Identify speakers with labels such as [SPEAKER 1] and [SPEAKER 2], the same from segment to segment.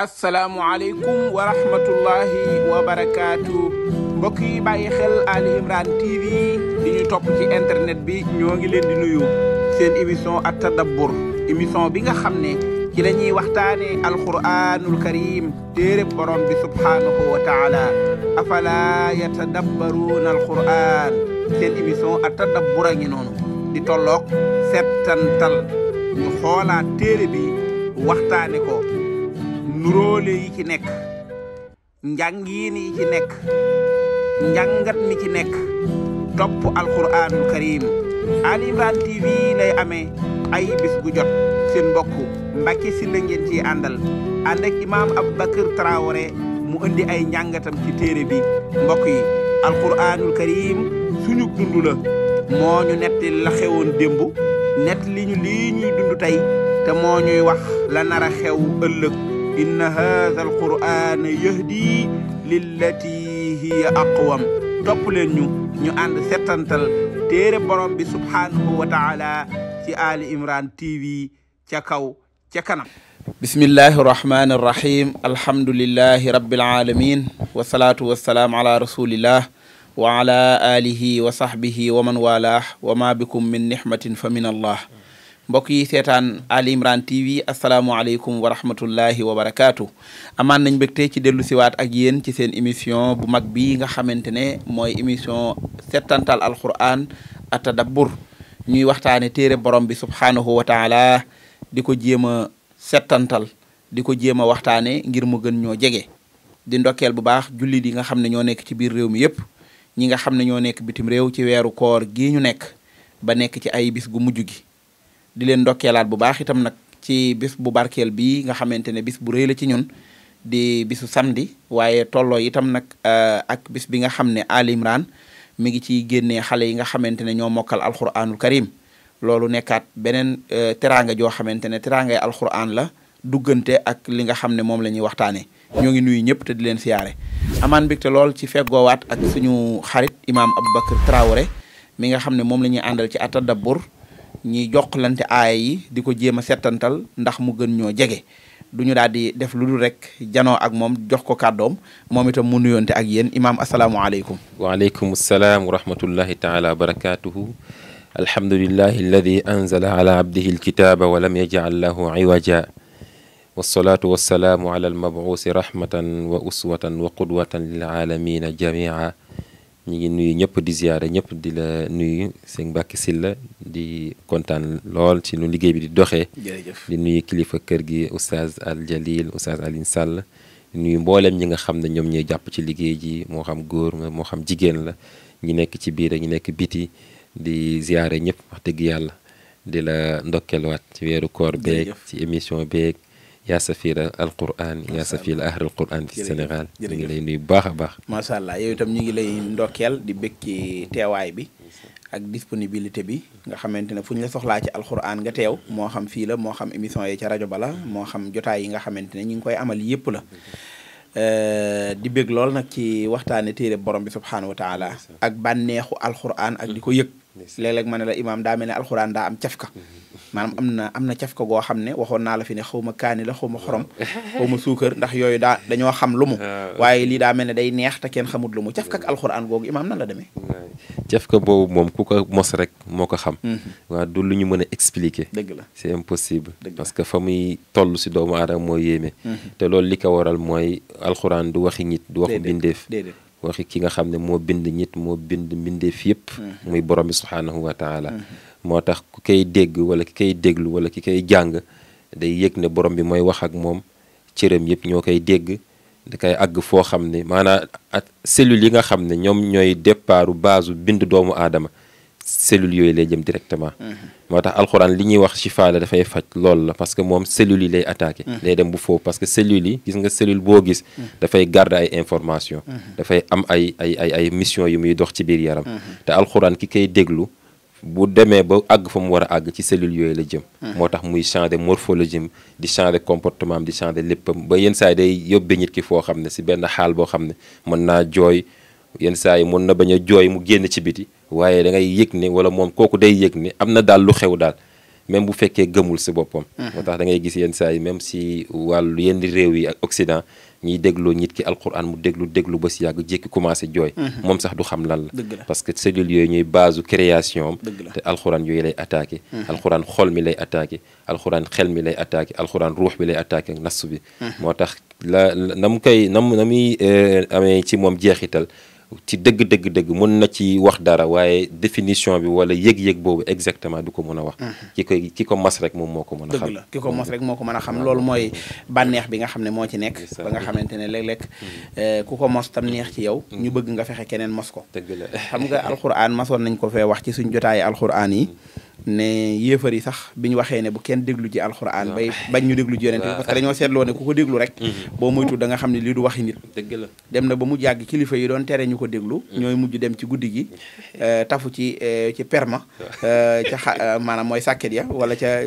[SPEAKER 1] asalaamualeykum wa rahmatullahi wa barakaatu mbokk yi xel Ali Imran TV di ñu ci internet bi ñoo ngi leen di nuyu seen émission at tadabbur émission bi nga xam ne ci la ñuy waxtaane alquranul karim téereb borom bi subhaanahu wa taala afala yatadabbaruuna alquran seen émission at tadabbur a ngi noonu di tolloog settantal ñu xoolaat téere bi waxtaane ko nuróole yi ci nekk njàngiin yi ci nekk njàngat mi ci nekk topp alquranul karim Ali Imran TV lay ame ay bis gu jot seen mbokk Mbacke Sylla ci ciy àndal ànd ak imaam Aboubacar mu indi ay njàngatam ci téere bi mbokk yi alquranul karim suñu dund la moo ñu netti la xewoon démb nett li ñu lii ñuy dund tey te moo ñuy wax la nar a xew ëllëg inna haadha alqur'ana yahdi lillati hiya aqwam topp leen ñu ñu ànd settantal téere borom bi subhaanahu wa taala ci Ali Imran TV ca kaw ca kanam bismillahi irrahmani irrahim alhamdulillahi rabbil alamin wasalaatu wassalaam ala rasulillah wa ala alihi wa sahbihi wa man walah wa ma bikum min nihmatin fa min allah mbokk yi seetaan Ali Imran TV asalaamualeykum wa rahmatullahi wa barakaatu amaan nañ mbégte ci dellu siwaat ak yéen ci seen émission bu mag bi nga xamante ne mooy émission settantal alquran atadabbur ñuy waxtaane téere borom bi subhaanahu wa taala di ko jéem a settantal di ko jéem a waxtaane ngir mu gën ñoo jege di ndokkeel bu baax jullit yi nga xam ne ñoo nekk ci biir réew mi yépp ñi nga xam ne ñoo nekk bitim réew ci weeru koor gi ñu nekk ba nekk ci ay bis gu mujj gi di leen ndokkeelaat bu baax itam nag ci bis bu barkeel bii nga xamante ne bis bu rëy la ci ñun di bisu samedi waaye tolloo itam nag euh, ak bis bi nga xam ne Ali Imran mi ngi ciy génnee xale yi nga xamante ne ñoo mokkal alxuraanul karim loolu nekkaat beneen euh, teraanga joo xamante ne teraangay alxuraan la duggante ak li nga xam ne moom la ñuy waxtaanee ñoo ngi nuyu ñëpp te di leen siyaare amaan mbégte lool ci feggoowaat ak suñu xarit imaam Aboubacar Traoré mi nga xam ne moom la ñuy àndal ci atadabbur ñiy jokkalante aaya yi di ko jéem a settantal ndax mu gën ñoo jege du ñu daal di def lu dul rek janoo ak moom jox ko kàddoom moom itam mu nuyoonte ak yéen imaam asalaamualeykum.
[SPEAKER 2] waaleykum salaam wa rahmatullahi taala wa barakaatuhu. alhamdulilahi alladi anzala ala abdihi alkitaba wa lam yajal lahu iwaja walsalaatu walsalaamu ala almabuusi rahmatan wa uswatan wa qudwatan lilaalamina ñu ngi nuyu ñëpp di ziyaare ñëpp di la nuyu sëñ Mbàkke Sylla di kontaan lool si nu liggéey bi di doxee. di nuyu kilifa kër gi oustaz Al Jalil oustaz Alioune Sall. di nuyu mbooleem ñi nga xam ne ñoom ñooy jàpp ci liggéey ji moo xam góor moo xam jigéen la ñi nekk ci biir ñi nekk biti di ziyaare ñëpp wax dëgg yàlla di la ndokkeelwaat ci weeru koor beeg ci émission beeg. yaa safiila alquran yaa safiila ahli alquran fi Sénégal ngi lay nuyu bu baax a baax
[SPEAKER 1] macha allah itam ñu ngi lay ndokkeel di békki teewaay bi ak disponibilité bi nga xamante ne fu ñu la soxlaa ci alquran nga teew moo xam fii la moo xam émission yi ca rajo ba la moo xam jotaay yi nga xamante ne ñu ngi koy amal yëpp la euh, di bég lool nag ci waxtaane téere borom bi subhaanahu wa taala ak bànneexu alquran ak di ko yëg léeg-léeg ma ne la imaam daa mel ne alquran daa am cafka mm-hmm. maanaam am na am na cafka goo xam ne waxoon naa la fi ne xaw ma kaani la xaw ma xorom xaw suukar ndax yooyu daa dañoo xam lu mu waaye lii daa mel ne day neex te kenn xamut lu mu cafka ak alxuraan googu imaam nan la demee
[SPEAKER 2] cafka boobu moom ku ko mos rek moo ko xam mm-hmm. waaw du lu ñu mën a expliquer dëgg la c'est impossible parce que fa muy tollu si doomu aadama moo yéeme mm-hmm. te loolu li ko waral mooy alxuraan du waxi nit du waxu bindeef waxi ki nga xam ne moo bind nit moo bind mbindeef yëpp mm-hmm. muy borom bi subhaanahu wa taala moo tax ku koy dégg wala ki koy déglu wala ki kay jàng day yëg ne borom bi mooy wax ak moom cëram yëpp ñoo koy dégg da koy àgg foo xam ne maanaam ak cellules yi nga xam ne ñoom ñooy départu base bind doomu aadama cellules yooyu lay jëm directement mhm. moo tax alxuraan li ñuy wax chifa la dafay faj loolu la parce que moom cellules yi lay attaqué lay mhm. dem bu foofu parce que cellules yi gis nga cellule boo gis mhm. dafay garder ay information dafay am ay ay ay ay yu muy dox ci biir yaram te ki koy déglu bu demee ba àgg fa mu war a àgg ci cellules yooyu la jëm. Hmm. moo tax muy changer morphologie am di changer comportement am di changer léppam ba yenn saa day yóbbee nit ki foo xam ne si benn xaal boo xam ne mën naa jooy yenn saa yi mën na bañ a jooy mu génn ci biti waaye dangay ngay yëg ne wala moom kooku day yëg ne am na daal lu xew daal. même bu fekkee gëmul si boppam. Mhm. moo tax da ngay gis yenn saa yi même si wàllu yenn réew yi ak Occident ñiy dégloo nit ki alquran mu déglu déglu ba si yàgg jékki commencé jooy. Mhm. moom sax du xam lan la. parce que cellules yooyu ñuy base création am. te alquran yooyu lay attaqué. Mhm. alquran xool mi lay attaqué. alquran xel mi lay attaqué alquran ruux bi lay attaqué ak nas bi. moo tax la na mu koy na mu na muy euh, amee ci moom jeexital. ci dëgg dëgg dëgg mën na ci wax dara waaye définition bi wala yëg-yëg boobu exactement du ko mën a wax. Mhm. ki koy ki ko mas rek moom moo ko mën a xam. dëgg la
[SPEAKER 1] rek moo ko mën a xam loolu mooy bànneex bi nga xam ne moo ci nekk. ba nga xamante ne léeg-léeg mhm. eh, ku ko mos tam neex ci yow. Mhm. ñu bëgg nga fexe keneen mos ko. dëgg la xam nga alxuraan masoon nañ ko fee wax ci suñ jotaayu alxuraan yi. ne yéefar yi sax bi ñu waxee ne bu kenn déglu ji alxuraan bay bañ ñu déglu ji yonent bi parce que dañoo seetloo ne ku ko déglu rek mhm. boo moytu da nga xam ne lii du waxi nit dëgg la dem na ba mu jàgg kilifa yi doon tere ñu ko déglu mhm. ñooy mujj dem ci guddi gi euh, tafu ci euh, ci perma euh, ca xa maanaam mooy sàkket ya wala ca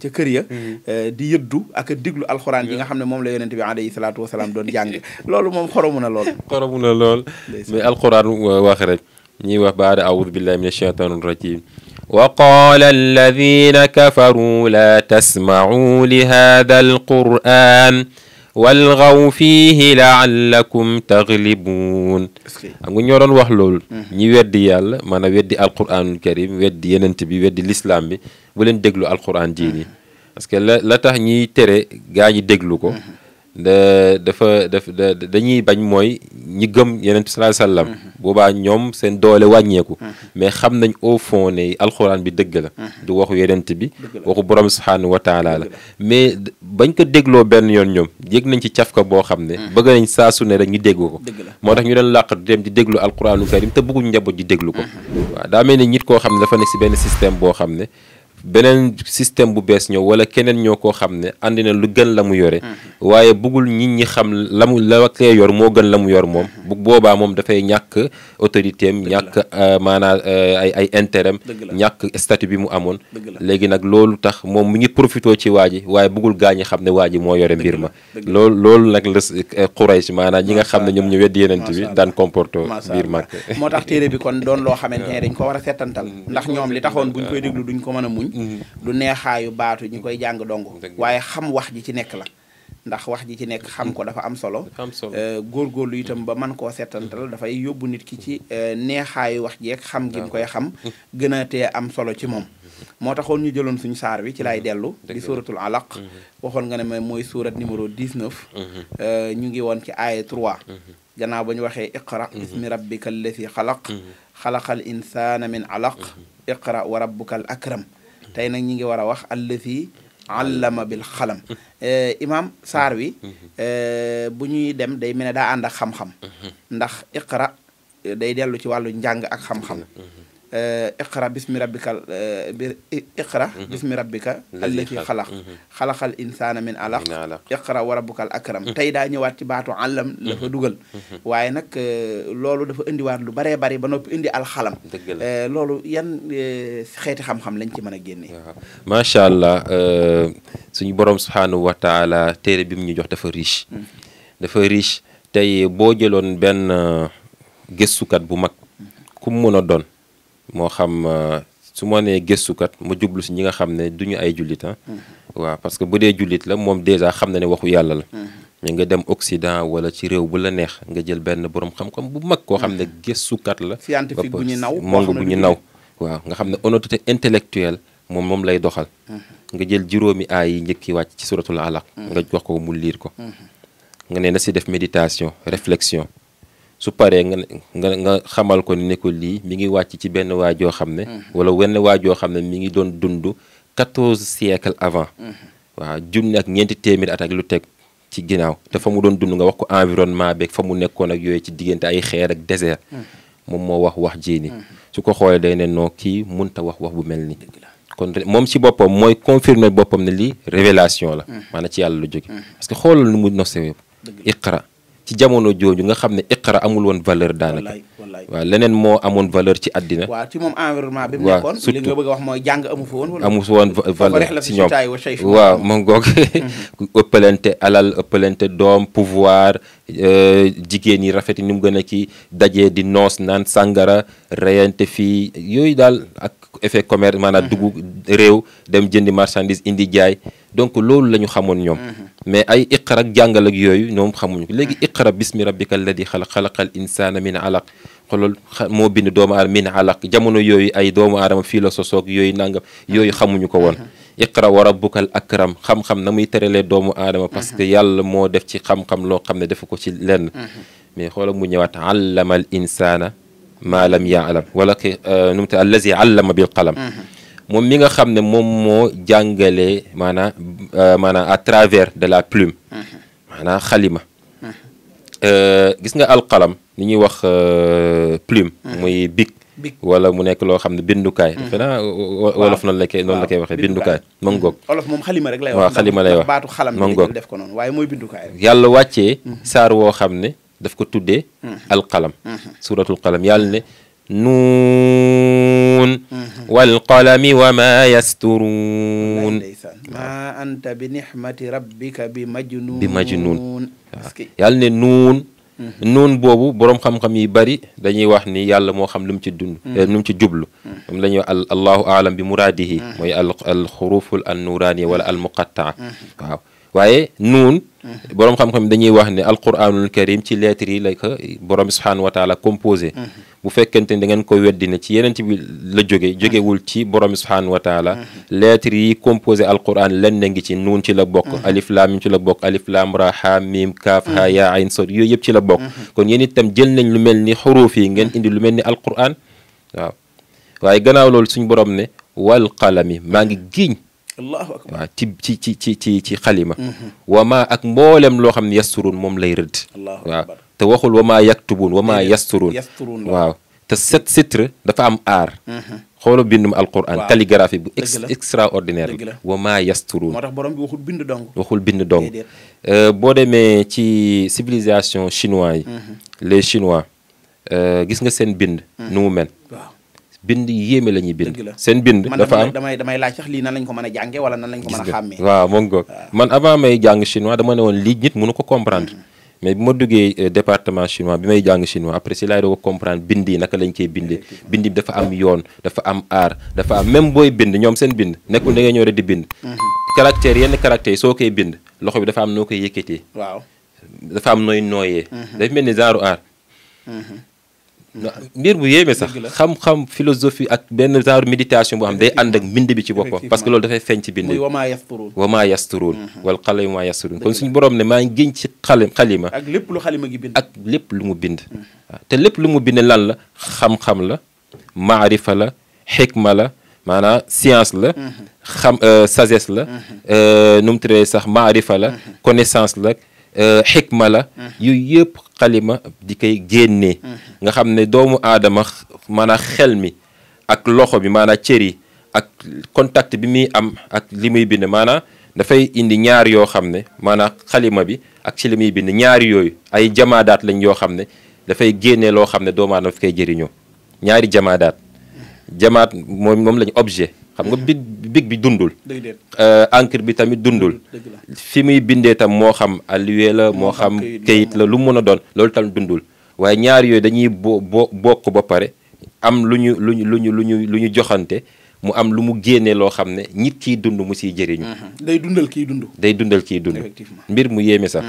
[SPEAKER 1] ca kër ya mhm. di yëddu ak a déglu alxuraan yi nga xam ne moom la yonent bi alayhi salaatu wasalaam doon jàng loolu moom xoromu na lool
[SPEAKER 2] xoromu na lool mais alxuraan wax rek ñuy wax baada audu billahi min alcheytaan irrajim wa qaala alladina kafaru la tasmacuu li hada alquran walgaw fiihi laallakum taglibuun xam nga ñoo doon wax loolu mm-hmm. ñi weddi yàlla maanaam weddi alquranul karim weddi yenent bi weddi lislaam bi bu leen déglu alquran diini mm-hmm. parce que la la tax ñiy tere gaa ñi déglu ko mm-hmm. da dafa daf dañuy bañ mooy ñi gëm yeneen sallallahu alayhi wasallam mm-hmm. boobaa ñoom seen doole wàññeeku mm-hmm. mais xam nañ au fond ne alxuraan bi dëgg la mm-hmm. du waxu yeneen bi waxu borom subhaanahu wa taala la mais bañ ko dégloo benn yoon ñoom yëg nañ ci cafka boo xam ne bëgg nañ saasu su ne rek ñu déggu ko moo tax ñu doon làqatu dem di déglu alxuraanu karim te bëgguñ njaboot di déglu ko waaw daa mel ni nit koo xam ne dafa ne si benn système boo xam ne beneen système bu bees ñëw wala keneen ñoo koo xam ne andi na lu gën la mu yore mm-hmm. waaye bëggul nit ñi xam la mu la kee yor moo gën la mu yor moom mm-hmm. bu boobaa moom dafay ñàkk autorité am ñàkk euh, maanaam euh, ay ay intérêt am ñàkk statut bi mu amoon léegi nag loolu tax moom mu ngi profitoo ci waa ji waaye bëggul gaa ñi xam ne waa ji moo yore mbir ma loolu loolu nag la euh, Quraysh ñi nga xam ne ñoom ñu weddi yeneen bi daan comporté biir Màkka
[SPEAKER 1] moo tax téere bi kon doon loo xamante ne dañ ko war a settantal ndax ñoom li taxoon buñ koy duñ ko mën a muñ Mm-hmm. du neexaayu baatu ñu koy jàng dong waaye xam wax ji ci nekk la ndax wax ji ci nekk xam ko dafa am solo eh, góorgóorlu itam ba mën koo seetantal mm-hmm. dafay yóbbu nit ki ci eh, neexaayu wax jeeg xam gi koy xam mm-hmm. gën a tee am solo ci moom moo taxoon ñu jëloon suñ saar bi ci laay dellu di suuratul alaq waxoon nga ne ma mooy suurat numéro 19 eh, ñu ngi woon ci aaya 3 gannaaw ba ñu waxee iqra bismi rabbika alladi xalaq xalaqal insana min alaq iqra wa rabbuka al akram tey nag ñi ngi war a wax allazi allama bil xalam eh, imaam saar wi eh, bu ñuy dem day mel ne daa ànd ak xam-xam mm-hmm. ndax iqra eh, day dellu ci wàllu njàng ak xam-xam mm-hmm. iqra bismi rabbika iqra bismi rabbika allati xalaq xalaqal insaana min alaq iqra wa rabbukal akram tey daa ñëwaat ci baatu àllam la fa dugal waaye nag loolu dafa indiwaat lu baree bari ba noppi indi alxalam loolu yan xeeti xam-xam lañ ci mën a génne
[SPEAKER 2] macha allah suñu borom subhanahu wa taala téere bi mu ñu jox dafa riche mm. dafa riche tey boo jëloon benn gëstukat bu mag mm. ku mu mën a doon moo xam euh, su ma nee gëstukat ma jublu si ñi nga xam ne du ñu ay jullit ah. Mm-hmm. waaw parce que bu dee jullit la moom dèjà xam na ne waxu yàlla la. Mm-hmm. mais nga dem Occident wala ci réew bu la neex nga jël benn borom xam-xam bu mag koo xam ne mm-hmm. gëstukat la. scientifique bu ñu naw mong bu ñu naw. waaw nga xam ne honnêteté intellectuelle moom moom lay doxal. nga jël juróomi aay yi njëkki wàcc ci suratul alaq. nga jox ko mu liir ko. nga nee na si def méditation réflexion. su paree nga nga nga xamal ko ni ne ko lii mi ngi wàcc ci benn waajoo xam ne. Mhm. wala wenn waajoo xam ne mi ngi doon dundu quatorze siècles avant. Mhm. waa junne ak ñeenti téeméeri at ak lu teg ci ginnaaw te fa mu doon dund nga wax ko environnement beeg fa mu nekkoon ak yooyu ci diggante ay xeer ak désert. Mhm. moom moo wax wax jii nii. su ko xoolee day ne non kii mënta wax wax bu mel nii. kon moom ci boppam mooy confirmer boppam ne lii révélation la. maanaam ci yàlla lu jóge parce que xoolal nu mu nosewee. iqra ci jamono jooju nga xam ne iqra amul woon valeur daanaka waaw leneen moo amoon valeur ci àddina
[SPEAKER 1] waa ci moom environnement bi mu nekkoon li nga bëgg a wax mooy jàng amu fa woon amu fa woon valeur si ñoom waaw mu
[SPEAKER 2] ngoog mhm. ëppalante alal ëppalante doom pouvoir euh, jigéen yi rafet ni mu gën a kii dajee di noos naan sàngara reyante fii yooyu daal ak effet commerce maanaam mhm. dugg réew dem jëndi marchandise indi jaay donc loolu la ñu xamoon ñoom mhm. mais ay iqra ak jàngal yooyu noon xamuñu ko léegi iqra bismi rabbika alladi xalaq xalaqal insaana min alaq xoolal moo bind doomu aadama min alaq jamono yooyu ay doomu adama fii la sosoog yooyu nanga yooyu xamuñu ko woon iqra wa rabbukal akram xam-xam na muy teralee doomu aadama parce que yàlla moo def ci xam-xam loo xam ne defu ko ci lenn mais xoolal mu ñëwaat allama al insana ma lam yaalam wala ki euh, nu mu te allazi allama bil moom mi nga xam ne moom moo jàngalee maanaam euh, maanaam à travers de la plume maanaam xalima Euh, gis nga alqalam li ñuy wax euh, plume. Mm-hmm. muy big. wala mu nekk loo xam ne bindukaay. defe mm-hmm. naa wolof noonu la koy koy waxee bindukaay. moom ngoog mm-hmm. wolof moom xalima rek lay wax. waaw xalima lay wax baatu xalam def
[SPEAKER 1] ko noonu waaye mooy bindukaay rek. yàlla wàccee.
[SPEAKER 2] saar woo xam ne daf ko tuddee. alqalam. suuratul qalam yàlla ne. nuun wal qalami wa maa yasturuun
[SPEAKER 1] maa anta bi nixmati rabbika bi majnuun bi majnuun yàlla ne nuun
[SPEAKER 2] nuun boobu boroom xam-xam yi bari dañuy wax ni yàlla moo xam lu mu ci dund lu mu ci jublu moom la ñuy wax al allahu aalam bi muraadihi mooy al al xuruuful an nuraaniya wala al muqattaa waaw waaye nuun boroom xam-xam dañuy wax ne alquranul karim ci lettres yi la ko borom subhaanahu wa taala composé mhm. bu fekkente ni da ngeen ko weddi ne ci yeneen bi la jóge jógewul ci borom subhaanahu wa taala mhm. lettres yi composé alquran lenn na ngi ci nun ci la bokk mhm. alif laam mim ci la bokk alif laam ra ha mim kaaf ha yaa ayn sod yooyu yëpp ci la bokk kon yéen itam jël nañ lu mel ni xuruuf yi ngeen indi lu mel ni alquran waaw waaye gannaaw loolu suñ borom ne wal qalami maa ngi giñ allahu ci ci ci ci ci xalima mhm. wamaa ak mboolem loo xam ne yasturuun moom lay rëdd waaw te waxul wamaa yaktubuun wamaa yasturuun waaw te set sitre dafa am aar mhm. xoolal bindum alquran calligraphie bu extraordinaire bi wamaa yasturuun moo tax borom bi waxul bind dong waxul bind dong euh, boo demee ci civilisation chinois yi mhm. les chinois euh, gis nga seen bind nu mu bind yéeme la bind seen bind dafa am
[SPEAKER 1] damay damay ko a jànge wala nan a xàmmee
[SPEAKER 2] man avant may jàng chinois dama ne woon lii nit mënu ko comprendre mm-hmm. mais bi ma duggee euh, département chinois bi may jàng chinois après si laay doo comprendre bind naka lañ koy bindee dafa am yoon dafa am aar dafa am même booy bind ñoom seen bind nekkul da ngay ñëw rek bind mm-hmm. caractère yenn caractère soo koy bind loxo bi dafa am noo koy yëkkatee dafa am nooy nooyee mm-hmm. dafa mel ni genre aar mbir bu yéeme sax xam-xam philosophie ak benn genre méditation boo xam day ànd ak mbind bi ci boppam parce que loolu dafay feeñ ci bind bi wamaa yasturuun wamaa yasturuun mhm. wal xalami maa yasturuun kon suñu borom ne maa ngi génn ci xalim xalima ak
[SPEAKER 1] lépp lu xalima gi bind
[SPEAKER 2] lépp lu mu bind mhm. te lépp lu mu bind lan la xam-xam la maarifa la xikma la maanaam science la mhm. xam euh, sagesse la euh, nu mu tuddee sax maarifa la connaissance la euh, xikma la yooyu yëpp xalima di koy génnee mm-hmm. nga xam ne doomu aadama maanaam xel mi ak loxo bi maanaa cër yi ak contact bi muy am ak li muy bind maanaam dafay indi ñaar yoo xam ne maanaam xalima bi ak ci li muy bind ñaari yooyu ay jamaadaat lañ yoo xam ne dafay génne loo xam ne doomu aadama fi koy jëriñoo ñaari jamaadaat mm-hmm. jamaat moom moom objet xam nga mm-hmm. bit bic bi dundul. Euh, encre bi tamit dundul. fi muy bindee tam moo xam alluwa la moo xam. kayit la lu mën a doon loolu tam dundul waaye ñaari yooyu dañuy bo bo bokk ba pare am lu ñu lu ñu lu ñu lu ñu lu ñu joxante. mu am lu mu génne loo xam ne nit kiy dund mu siy jëriñu. day dundal kiy dund. day dundal kiy dund mbir mu yéeme sax.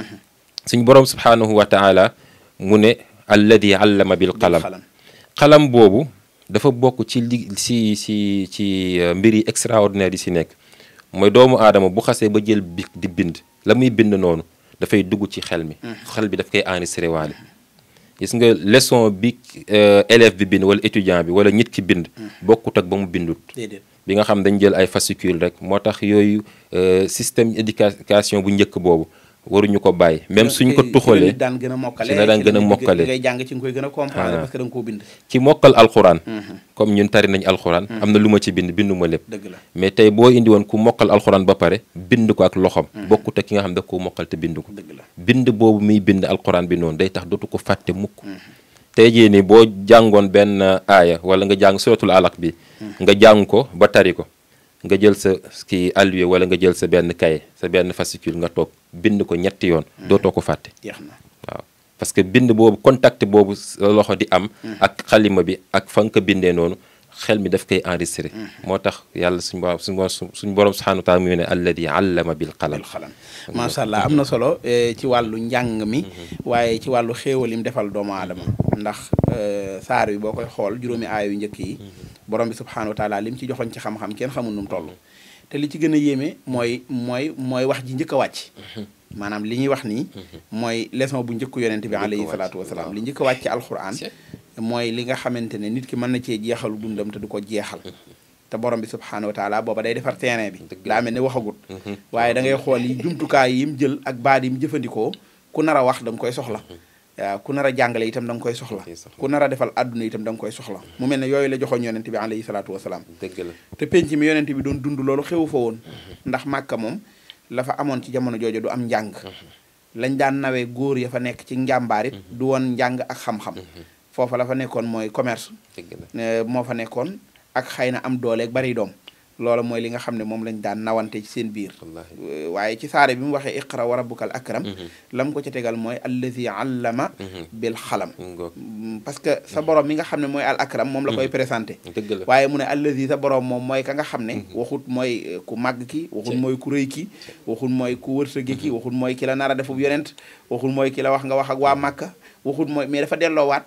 [SPEAKER 2] suñ borom subhaanahu wa taala mu ne alladi allama bil qalam. qalam boobu. dafa bokk ci li si si ci euh, mbir yi extraordinaire yi si nekk mooy doomu aadama bu xasee ba jël bi di bind la muy bind noonu dafay dugg ci xel mi mm-hmm. xel bi daf koy enregistré waale gis nga leçon bi euh, élève bi bind wala étudiant bi wala nit ki bind mm-hmm. bokkut ak ba mu bindut bi nga xam dañ jël ay fascicule rek moo tax yooyu euh, système éducation bu njëkk boobu waruñu ko bàyyi même suñ ko tuxalee daan gën a mokkale si na daan gën a mokkale ngay jàng ci nga koy gën a comprendre parce que da nga koo bind ci mokkal alxuraan mhm. comme ñun tari nañ alxuraan mhm. am na lu ma ci bind binduma lépp dëgg la mais tey boo indi woon ku mokkal alxuraan ba pare bind ko ak loxom mhm. bokkut ak ki nga xam ne da koo mokkal te bind ko dëgg la bind boobu muy bind alxuraan bi noonu day tax dootu ko fàtte mukk te jii ni boo jàngoon benn uh, aaya wala nga jàng suratul alaq bi nga jàng ko ba tari ko nga jël sa kii alluwa wala nga jël sa benn kaye sa benn fascicule nga toog bind ko ñetti yoon mm-hmm. dootoo ko fàtte
[SPEAKER 1] waaw
[SPEAKER 2] parce que bind boobu contact boobu loxo di am mm-hmm. ak xalima bi ak fa nga ko bindee noonu xel mi daf koy enregistré mm-hmm. moo tax yàlla suñu borom suñu borom suñu borom subhaanahu taala mu ne alladi allama bil qalam
[SPEAKER 1] macha allah am na solo eh, ci wàllu njàng mi waaye ci wàllu xéewal yi mu defal doomu aadama ndax eh, saar yi boo koy xool juróomi aaya yu njëkk yi borom bi subhaanahu wa taala li mu ci joxoñ ci xam-xam kenn xamul nu mu toll te li ci gën a yéeme mooy mooy mooy wax ji njëkk a wàcc mhm. maanaam li ñuy wax nii mhm. mooy leçon bu njëkk yonent bi alayhi salaatu wasalaam li njëkk a wàcc ci alxuraan mooy li nga xamante ne nit ki mën na cee jeexalu dundam te du ko jeexal mhm. te borom bi subhaanahu wa taala booba day defar terrain bi daa mel ne waxagut waaye da ngay xool yi jumtukaay yim jël ak baat yim jëfandikoo ku nar a wax dam koy soxla waaw ku nar a jàngale itam da nga koy soxla ku nar a defal àdduna itam da nga koy soxla mu mel ne yooyu la joxoon yonent bi alayhi salaatu wasalaam dëgg la te penc mi yonent bi doon dund loolu xewu fa woon mhm. ndax màkka moom lafa amoon ci jamono jooju du am njàng mhm. lañ daan nawee góor ya fa nekk ci njàmbaarit mhm. du woon njàng ak xam-xam foofa la fa nekkoon mooy commerce eh, moo fa nekkoon ak xëy na am doole bari doom loola mooy li nga xam ne moom lañ daan nawante ci seen biir euh, waaye ci saare bi mu waxee iqra wa rabbukal akram mm-hmm. lam ko ca tegal mooy allazi allama mm-hmm. bil xalam mm, parce que sa borom mi nga xam ne mooy al akram moom la mm-hmm. koy présenté waaye mu ne allazi sa borom moom mooy ka nga xam ne waxut mooy euh, ku màgg ki waxut mooy ku rëy ki waxut mooy ku wërsëge ki waxut mooy ki la nar a defub yonent waxut mooy ki la wax nga wax ak waa màkka waxut mooy mais dafa delloowaat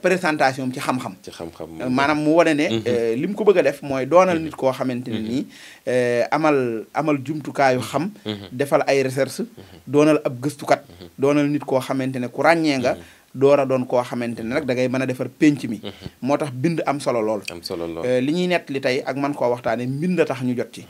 [SPEAKER 1] présentation ci xam-xam. ci xam euh, maanaam mu wane ne. Mhm. Euh, li mu ko bëgg a def mooy doonal mhm. nit koo xamante ne mhm. nii euh, amal amal jumtukaayu xam. defal ay recherche. doonal ab gëstukat. doonal nit koo xamante ne ku ràññee nga. doora doon koo xamante ne nag da ngay mën a defar penc mi. moo tax bind am solo lool. am solo lool li ñuy nett li tey ak man koo waxtaanee mbind a tax ñu jot ci.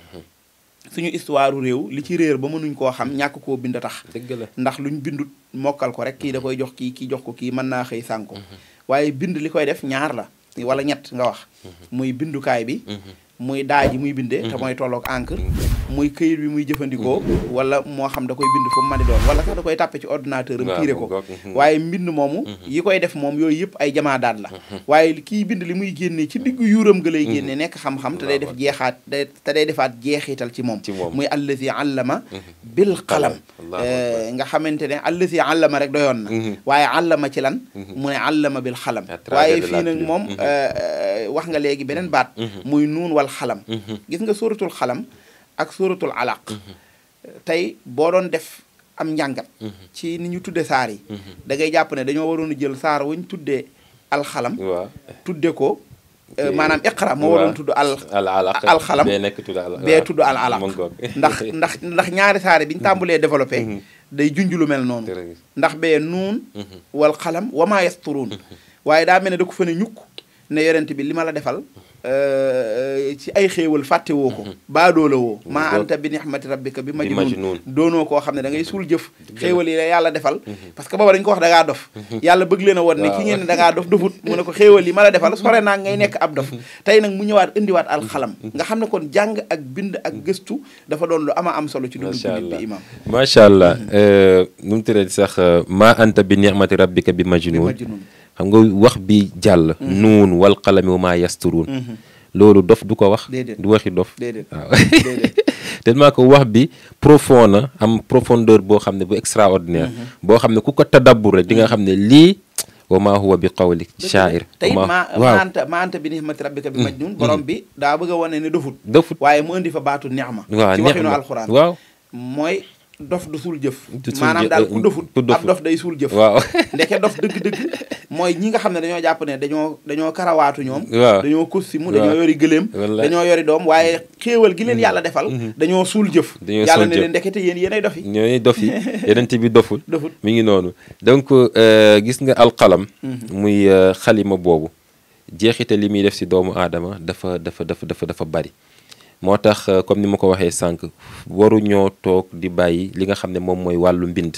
[SPEAKER 1] suñu histoire réew li ci réer ba mënuñ koo xam ñàkk koo bind tax. dëgg la ndax luñ bindut mokkal ko rek kii da koy jox kii kii jox ko kii mën naa xëy sànko mhm. waaye bind li koy def ñaar la wala ñett nga wax. Mhm. muy bindukaay bi. Mhm. muy daa ji muy bindee te mhm. mooy tolloog encre mhm. muy kayit bi muy jëfandikoo mhm. wala moo xam da koy bind fu mu mën di doon wala sax da koy tàppe ci ordinateur am piire ko waaye mbind moomu yi koy def moom yooyu yëpp ay jamaa daat la waaye kii bind li muy génnee ci diggu yuuram nga lay génne nekk xam-xam te day def jeexaat day te day defaat jeexital ci moom muy allazi allama bil qalam eh, nga xamante ne allazi allama rek doyoon na waaye allama ci lan mu ne allama bil xalam waaye fii nag moom eh, eh, wax nga léegi beneen mm-hmm. baat mm-hmm. muy nuun wal xalam mm-hmm. gis nga sóoratul xalam ak sóoratul alaq tey boo doon def am njàngat ci ni ñu tudde saar dagay jàpp ne dañoo waroon jël saar wuñ tuddee alxalam tudde ko euh, maanaam iqra moo waroon tudd
[SPEAKER 2] al alxalam bee tudd al alaq ndax
[SPEAKER 1] ndax ndax ñaari saare bi ñu tàmbulee développé day junj lu mel noonu ndax bee nuun wal xalam wa maa yasturuun waaye daa mel ne da ko fa ñukk ne yorent bi li ma la defal euh, ci ay xéewal fàtte woo ko baadoo la woo mm-hmm. maa anta bi nihmati rabbika bi majnun doonoo koo xam ne da ngay suul jëf xéewal yi la yàlla defal mm-hmm. parce que booba dañ ko wax da ngaa dof mm-hmm. yàlla bëgg leen a woon ne ki ngeen ne dof dofut mu ne ko xéewal yi ma la defal sore naa ngay nekk ab tey nag mu ñëwaat indiwaat alxalam nga xam ne kon jàng ak bind ak gëstu dafa doon lu ama am solo ci dundu bi imam
[SPEAKER 2] macha allah euh, nu mu tëddee sax euh, maa anta bi nihmati rabbika bi majnun xam nga wax bi jàll. Mm-hmm. nuun wal qalami wa maa yasturuun. Mm-hmm. loolu dof du ko wax. du waxi dof. waaw tellement que wax bi profond na am profondeur boo xam ne bu extraordinaire. Mm-hmm. boo xam ne ku ko tadabbur rek di nga xam ne lii. wa maa huwa bi qawli shaa'ir. tey ma anta
[SPEAKER 1] ma anta bi nihmati rabbika bi majnun borom bi daa bëgg a wane ne dofut. waaye mu indi fa baatu neex waaw dof du suul jëf maanaam daal euh, ku doful ab dof day suul jëf waaw ndeke dof dëgg-dëgg mooy ñi nga xam ne dañoo jàpp ne dañoo dañoo karawaatu ñoom waaw si costume dañoo yori gëléem dañoo yori doom waaye xéewal gi leen mm-hmm. yàlla defal mm-hmm. dañoo suul jëf yàlla ne leen ndekete yéen yéenay dof yi ñooy dof yi yenente bi doful doful
[SPEAKER 2] mi ngi noonu donc euh, gis nga alxalam mm-hmm. muy euh, xalima boobu jeexite li muy def si doomu aadama dafa dafa dafa dafa dafa bari moo tax euh, comme ni ma ko waxee sànq waruñoo toog di bàyyi li nga xam ne moom mooy wàllu mbind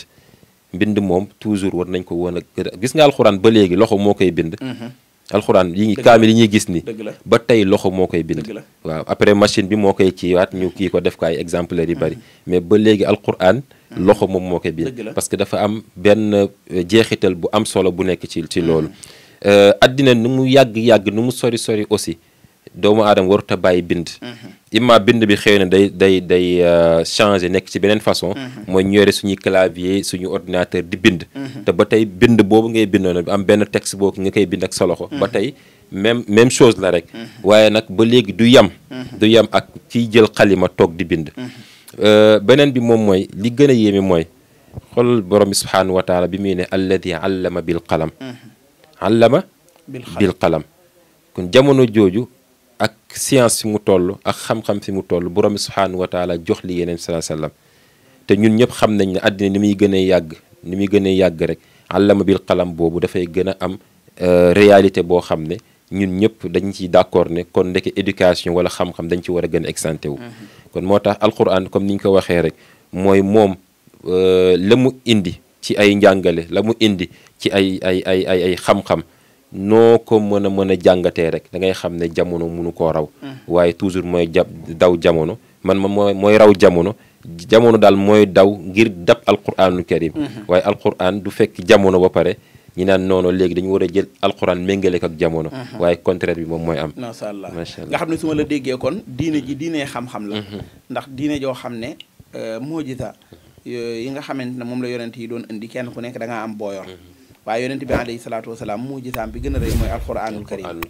[SPEAKER 2] mbind moom toujours war nañ ko woon ak gis nga alxuraan ba léegi loxo moo koy bind mhm. alxuraan yi ngi kaamil ñuy gis ni ba tey loxo moo koy bind waaw après machine bi moo koy ciiwaat ñu kii ko def ko ay exemplaires yi bari mhm. mais ba léegi alxuraan mhm. loxo moom moo koy bind parce que dafa am benn euh, jeexital bu am solo bu nekk ci ci loolu euh, addina nu mu yàgg-yàgg nu mu sori sori aussi doomu aadama warut bàyyi bind. Mhm. imma bind bi xëy na day day day euh, changer nekk ci beneen façon. Mhm. mooy ñu suñuy clavier suñu ordinateur di bind. Mhm. te ba tey bind boobu ngay bindoon am benn texte boobu nga koy bind ak sa ba tey même même chose la rek. waaye nag ba léegi du yam. du yam ak kiy jël xalima toog di bind. Euh, beneen bi moom mooy li gën a yéeme mooy xool borom bi subhaanahu wa bi muy ne alladi allama bil qalam. allama bil qalam kon jamono jooju. ak science fi mu toll ak xam-xam fi mu toll borom bi subhaanahu wa taala jox li yeneen salaa sallam te ñun ñëpp xam nañ ne àddina ni muy gën a yàgg ni muy gën yàgg rek àllama bil xalam boobu dafay gën a am euh, réalité boo xam ne ñun ñëpp dañ ci d'accord ne kon ndeke éducation wala xam-xam dañ ci war a gën a exsanté wu mm-hmm. kon moo tax alquran comme ni ñu ko waxee rek mooy moom euh, la mu indi ci ay njàngale la mu indi ci ay ay ay ay ay xam-xam noo ko mën a mën a jàngatee rek da ngay xam ne jamono mënu koo raw. Mm. waaye toujours mooy ja daw jamono man ma mooy mooy raw jamono. jamono daal mooy daw ngir dab alquranul karim mm-hmm. waaye alquran du fekk jamono ba pare ñi naan noonu léegi dañu war a jël alquran méngale ko ak jamono mm-hmm. waaye contraire bi moom mooy am macha allah nga xam ne su ma la
[SPEAKER 1] déggee kon diine ji diine xam-xam la mm-hmm. ndax diine joo xam ne euh, moo jita yi nga xamante ne moom la yonent yi doon indi kenn ku nekk da am booyor waaye yonent bi alayhi salaatu wasalaam mujisaam bi gën a rëy mooy alquranul karim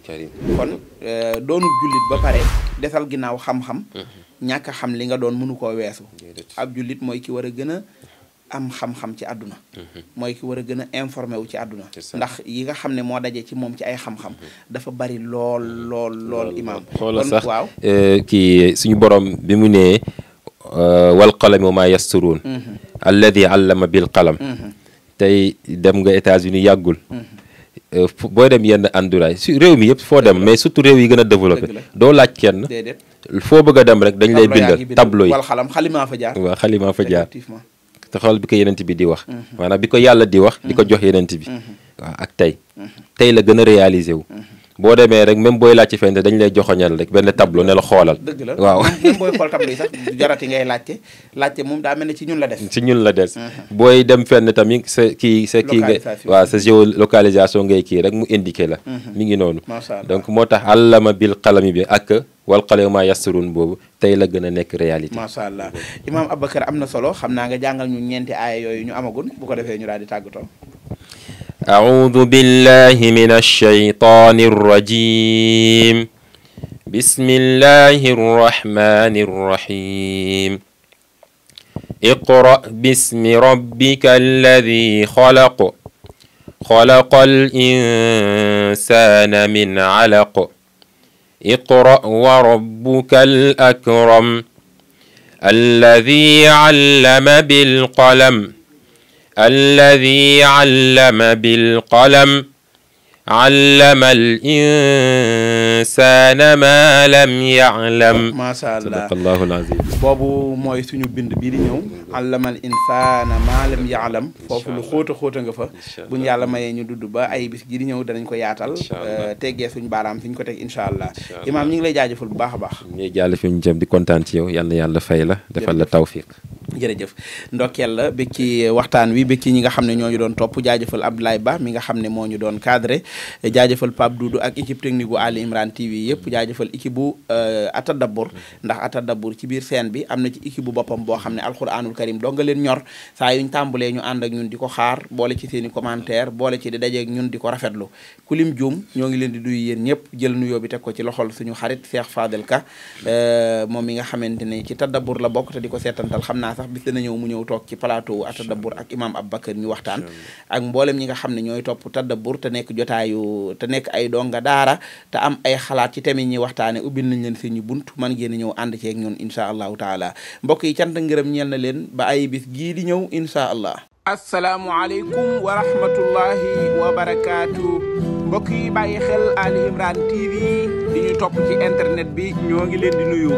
[SPEAKER 1] kon euh, doonul jullit ba pare desal ginnaaw xam-xam mm-hmm. ñàkk xam li nga doon mënu koo weesu ab jullit mooy ki war a gën a am xam-xam ci àdduna mm-hmm. mooy ki war a gën a informé wu ci àdduna ndax yi nga xam ne moo daje ci moom ci ay xam-xam mm-hmm. dafa bari lool lool lool imaam xoola sax waaw
[SPEAKER 2] euh, kii suñu borom bi mu nee euh, wal qalami wa maa yasturuun alladi allama bil qalam tey dem nga États-Unis yàggul. Mm-hmm. Euh, boo dem yenn ànduraay su réew mi yëpp foo dem mais surtout réew yi gën a développé doo laaj kenn foo bëgg a dem rek dañ lay bindal tableau yi wala
[SPEAKER 1] xalam xalimaa fa jaar waaw xalimaa te
[SPEAKER 2] xool bi ko yenent bi di wax mm-hmm. maanaam bi ko yàlla di wax di ko mm-hmm. jox yenent bi waa ak tey tey la gën a réalisé wu boo demee rek même booy laajte fenn dañu lay joxoñal rek benn tablo ne la xoolal. dëgg la waaw même
[SPEAKER 1] booy xool tableau yi sax jarati ngay laajte laajte moom daa mel ne ci ñun la des. ci ñun la des. Uh-huh.
[SPEAKER 2] booy dem fenn tamit sa kii sa kii. localisation waaw sa localisation ngay kii rek mu indiqué la. Uh-huh. mi ngi noonu. donc moo tax allama bil qalami bi ak. wal xale ma yasturun boobu tey la gën a nekk réalité.
[SPEAKER 1] macha allah imaam Aboubacar am na solo xam naa nga jàngal ñu ñeenti aaya yooyu ñu amagun bu ko defee ñu daal di tàggatoo.
[SPEAKER 2] أعوذ بالله من الشيطان الرجيم بسم الله الرحمن الرحيم اقرأ باسم ربك الذي خلق خلق الإنسان من علق اقرأ وربك الأكرم الذي علم بالقلم الذي علم بالقلم علم الإنسان ما لم يعلم ما شاء الله صدق الله العظيم
[SPEAKER 1] boobu mooy suñu bind bii di ñëw allama al insaana maa lam yaalam foofu lu xóota xóota nga fa buñ yàlla mayee ñu dudd ba ay bis gi di ñëw danañ ko yaatal teggee suñ baaraam fi ñu ko teg incha allah imaam ñu ngi lay jaajëfal bu baax a baax
[SPEAKER 2] ñuy jàll fi ñu jëm di kontaan ci yow yal na yàlla fay la defal la tawfiq
[SPEAKER 1] jërëjëf ndokkeel la bi ci waxtaan wi bi ci ñi nga xam ne ñoo ñu doon topp jaajëfal Abdoulaye Ba mi nga xam ne moo ñu doon cadré jaajëfal Pape Doudou ak équipe technique bu Ali Imran TV yëpp jaajëfal équipe bu euh, Atadabour ndax Atadabour ci biir seen bi am na ci équipe bu boppam boo xam ne alxuraanul karim doo nga leen ñor saa yuñ tàmbalee ñu ànd ak ñun di ko xaar boole ci seen i commentaire boole ci di dajeeg ñun di ko rafetlu ku lim juum ñoo ngi leen di duy yéen ñëpp jël nuyoo bi teg ko ci loxol suñu xarit Cheikh Fadel Ka euh, moom mi nga xamante ne ci Tadabour la bokk te di ko seetantal xam sax bis dana ñëw mu ñëw toog ci a atadabour ak imam Aboubacar ñu waxtaan ak mboolem ñi nga xam ne ñooy topp tadabour te nekk jotaayu te nekk ay donga daara te am ay xalaat ci tamit ñi waxtaane ubbil nañ leen seen ñu bunt man ngeen ñëw ànd ceeg ñun incha allahu taala mbokk yi cant ngërëm ñeel na leen ba ay bis gii di ñëw incha allah asalaamualeykum wa rahmatullahi wa barakaatu mbokk yi bàyyi xel Ali Imran TV di ñu topp ci internet bi ñoo ngi leen di nuyu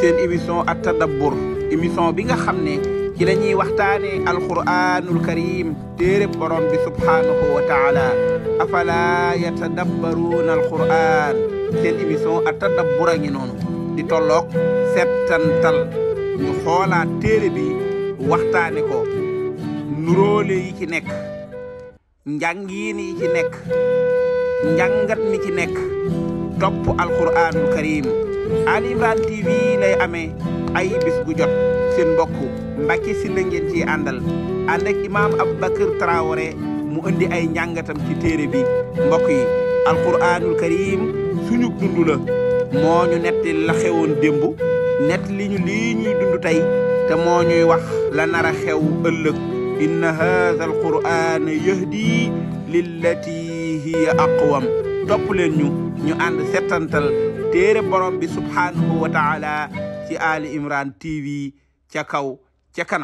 [SPEAKER 1] seen émission at tadabour émission bi nga xam ne ci la ñuy waxtaane alquranul karim téereb borom bi subhaanahu wa taala afala yatadabbaruuna alquran seen émission a tadabbur a ngi noonu di tolloog settantal ñu xoolaat téere waxtaane ko nuróole ci nekk njàngiin yi ci nekk njàngat mi ci nekk topp alquranul karim Ali Imran TV lay amee ay bis gu jot seen mbokk Mbacké si ngeen ciy àndal ànd ak imaam Aboubacar Traoré mu indi ay njàngatam ci téere bi mbokk yi alquranul karim suñu dund la moo ñu netti la xewoon démb nett li ñu lii ñuy dund te moo ñuy wax la nar a xew ëllëg inna haadha alquran yahdi lillati hiya aqwam topp leen ñu ñu ànd settantal téere borom bi subhanahu wa taala ci Ali Imran TV ca kaw ca